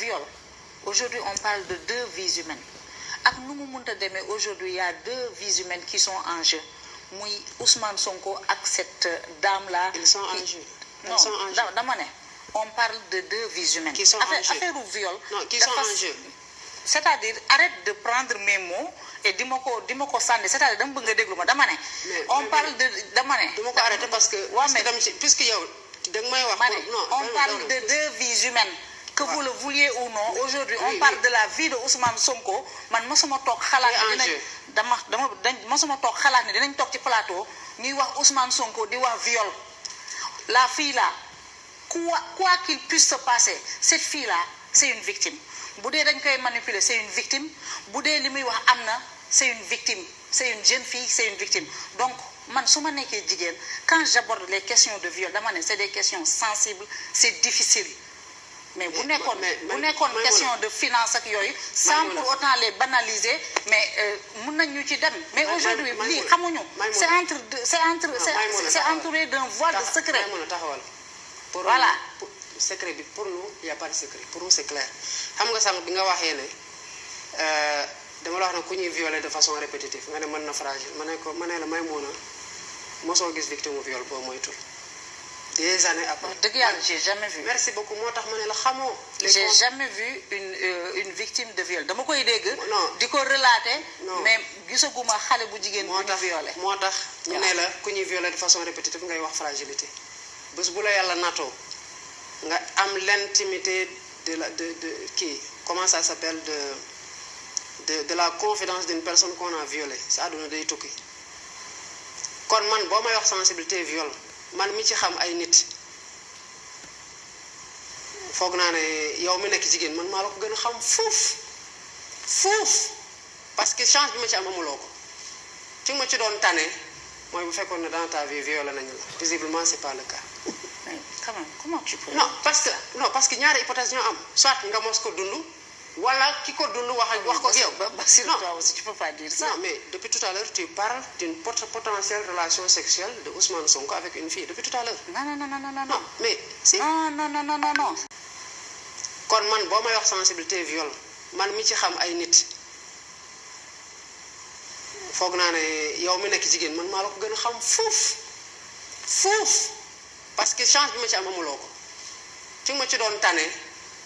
viol aujourd'hui on parle de deux vies humaines ak nu aujourd'hui il y a deux vies humaines qui sont en jeu Oui, Ousmane Sonko ak cette dame là. ils sont en jeu. non dama ne. on parle de deux vies humaines. qui sont en jeu affaire viol. non qui sont en jeu. c'est-à-dire arrête de prendre mes mots et dis-moi ma ko di ma ko sànni c'est-à-dire dama bëgg nga déglu ma dama on parle de dama ne. dama parce que. puisque yow. wax non on parle de deux vies humaines que vous le vouliez ou non aujourd'hui on parle de la vie de Ousmane Sonko man mosuma toog xalaat ne dinañ dama dama dañ un toog xalaat ne dinañ toog ci plateau ñuy wax Ousmane Sonko di wax viol la fille là quoi quoi qu'il puisse se passer cette fille là c'est une victime bu dee dañ koy manipuler c'est une victime bu dee li wax c'est une victime c'est une jeune fille c'est une victime donc man su ma nekkee quand j'aborde les questions de viol c'est des questions sensibles c'est difficile mais bu nekkoon bu nekkoon question de finance ak yooyu sans pour autant les banaliser mais euh, mun ñu ci mais aujourd'hui ni xamuñu c'est entre c'est entre c'est entouré d'un voile de secret voilà secret bi pour nous il y a pas de secret pour nous c'est clair xam nga sànq bi nga waxee ne euh, dama la wax ne violer de façon répétitive nga ne mën na fragile mané ko mané la may mun a gis victime viol moy tout des années après. j'ai jamais vu. merci beaucoup Moi, t'as j'ai jamais vu une euh, une victime de viol Je ne sais non relater. mais je ne la de façon répétitive fragilité l'intimité de de de qui? comment ça s'appelle de de la confidence d'une personne qu'on a violée sa sensibilité viol. man mi ci xam ay nit foog naa ne yow mi nekk jigéen man maa la ko gën a xam fuuf fuuf parce que change bi ma ci am amuloo ko ci ma ci doon tane mooy bu fekkoon ne dans ta vie viola nañu la visiblement c' est pas le cas. non parce que non parce que ñaari hypothèse ñoo am soit nga mos ko dund. Voilà, qui compte le wax wax ko yow. Non, tu peux pas dire ça. Non, mais depuis tout à l'heure, tu parles d'une potentielle relation sexuelle de Ousmane Sonko avec une fille depuis tout à l'heure. Non, non, non, non, non, non. Non, mais si. Non, non, non, non, non, non. Kon man boo may wax sensibilité viol man mi ci xam ay nit foog naa ne yow mi nekk jigéen man maa la ko fouf, fouf, xam fouf parce que chance mi c'est ci am Tu ko tu ma ci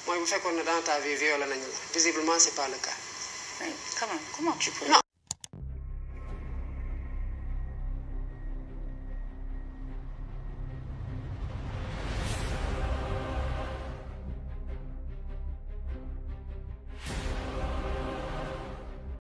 moi, je fais qu'on est dans ta vie violé là. la visiblement n'est pas le cas. comment tu peux.